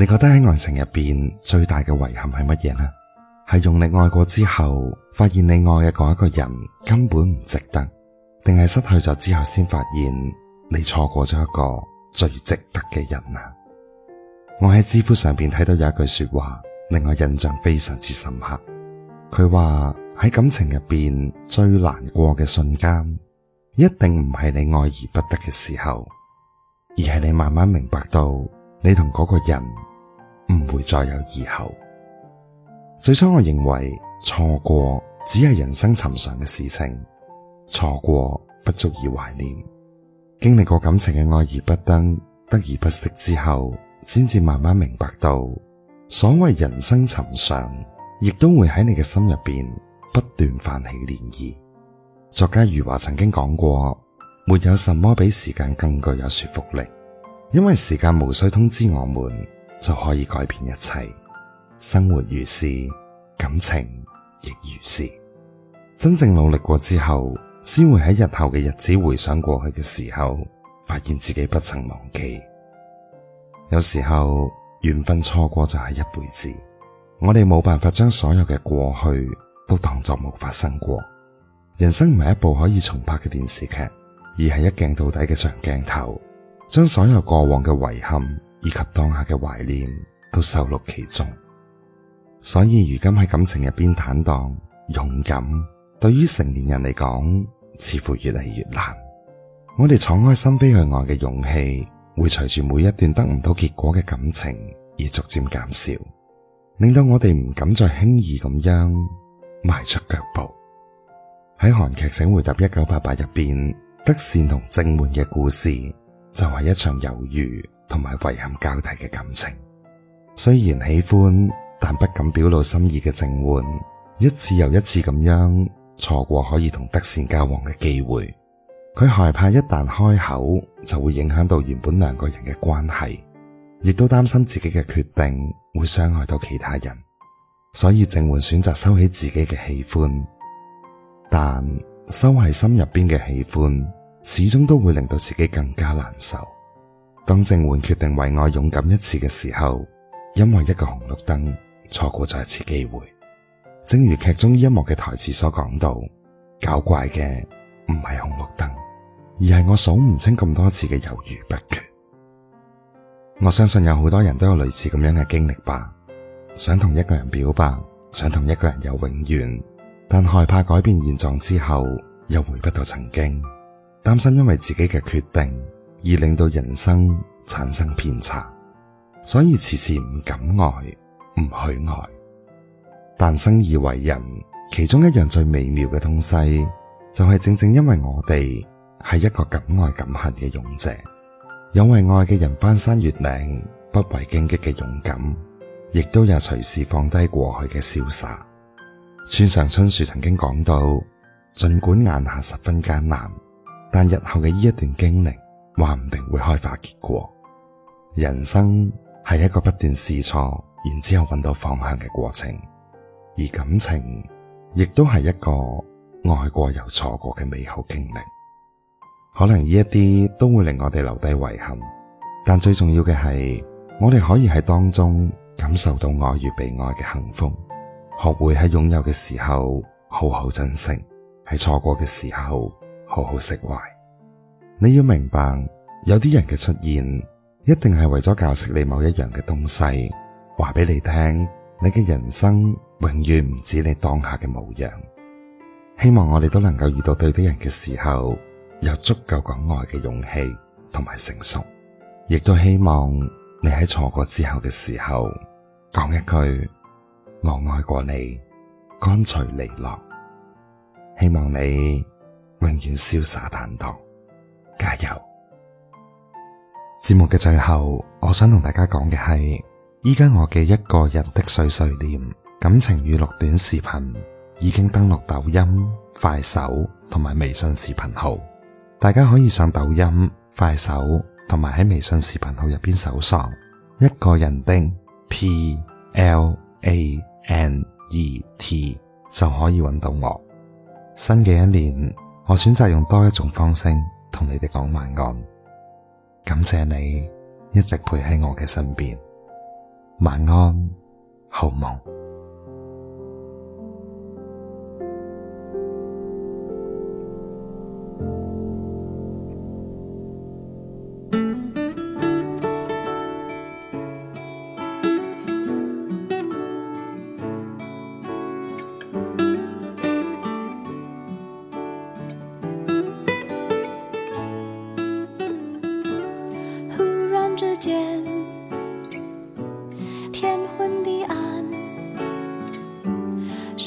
你覺得喺愛情入邊最大嘅遺憾係乜嘢呢？係用力愛過之後，發現你愛嘅嗰一個人根本唔值得，定係失去咗之後先發現你錯過咗一個最值得嘅人啊？我喺知乎上邊睇到有一句說話，令我印象非常之深刻。佢話喺感情入邊最難過嘅瞬間，一定唔係你愛而不得嘅時候，而係你慢慢明白到你同嗰個人。唔會再有以後。最初我認為，錯過只係人生尋常嘅事情，錯過不足以懷念。經歷過感情嘅愛而不登，得而不惜之後，先至慢慢明白到，所謂人生尋常，亦都會喺你嘅心入邊不斷泛起漣漪。作家余華曾經講過，沒有什麼比時間更具有說服力，因爲時間無需通知我們。就可以改變一切。生活如是，感情亦如是。真正努力過之後，先會喺日後嘅日子回想過去嘅時候，發現自己不曾忘記。有時候，緣分錯過就係一輩子，我哋冇辦法將所有嘅過去都當作冇發生過。人生唔係一部可以重拍嘅電視劇，而係一鏡到底嘅長鏡頭，將所有過往嘅遺憾，以及當下嘅懷念都收錄其中，所以如今喺感情入邊坦蕩勇敢，對於成年人嚟講，似乎越嚟越難。我哋敞開心扉向外嘅勇氣，會隨住每一段得唔到結果嘅感情而逐漸減少，令到我哋唔敢再輕易咁樣邁出腳步。喺韓劇《請回答一九八八》入邊，德善同正煥嘅故事。就係一場猶豫同埋遺憾交替嘅感情，雖然喜歡但不敢表露心意嘅靜煥，一次又一次咁樣錯過可以同德善交往嘅機會，佢害怕一旦開口就會影響到原本兩個人嘅關係，亦都擔心自己嘅決定會傷害到其他人，所以靜煥選擇收起自己嘅喜歡，但收喺心入邊嘅喜歡。始終都會令到自己更加難受。當正煥決定為愛勇敢一次嘅時候，因為一個紅綠燈，錯過咗一次機會。正如劇中呢一幕嘅台詞所講到：搞怪嘅唔係紅綠燈，而係我數唔清咁多次嘅猶豫不決。我相信有好多人都有類似咁樣嘅經歷吧。想同一個人表白，想同一個人有永遠，但害怕改變現狀之後，又回不到曾經。擔心因為自己嘅決定而令到人生產生偏差，所以遲遲唔敢愛，唔去愛。但生而為人，其中一樣最微妙嘅東西，就係正正因為我哋係一個敢愛敢恨嘅勇者，有為愛嘅人翻山越嶺、不畏荊棘嘅勇敢，亦都有隨時放低過去嘅瀟灑。村上春樹曾經講到，儘管眼下十分艱難，但日後嘅呢一段經歷，話唔定會開花結果。人生係一個不斷試錯，然之後揾到方向嘅過程，而感情亦都係一個愛過又錯過嘅美好經歷。可能呢一啲都會令我哋留低遺憾，但最重要嘅係，我哋可以喺當中感受到愛與被愛嘅幸福，學會喺擁有嘅時候好好珍惜，喺錯過嘅時候。好好釋懷，你要明白，有啲人嘅出現一定係為咗教識你某一樣嘅東西，話俾你聽，你嘅人生永遠唔止你當下嘅模樣。希望我哋都能夠遇到對的人嘅時候，有足夠講愛嘅勇氣同埋成熟，亦都希望你喺錯過之後嘅時候，講一句我愛過你，乾脆利落。希望你。永遠瀟灑坦蕩，加油！節目嘅最後，我想同大家講嘅係，依家我嘅一個人的碎碎念感情語錄短視頻已經登錄抖音、快手同埋微信視頻號，大家可以上抖音、快手同埋喺微信視頻號入邊搜索一個人的 P L A N E T 就可以揾到我。新嘅一年。我選擇用多一種方式同你哋講晚安，感謝你一直陪喺我嘅身邊，晚安，好夢。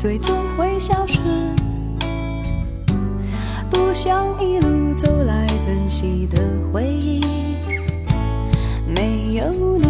最終會消失，不想一路走來珍惜的回憶，沒有你。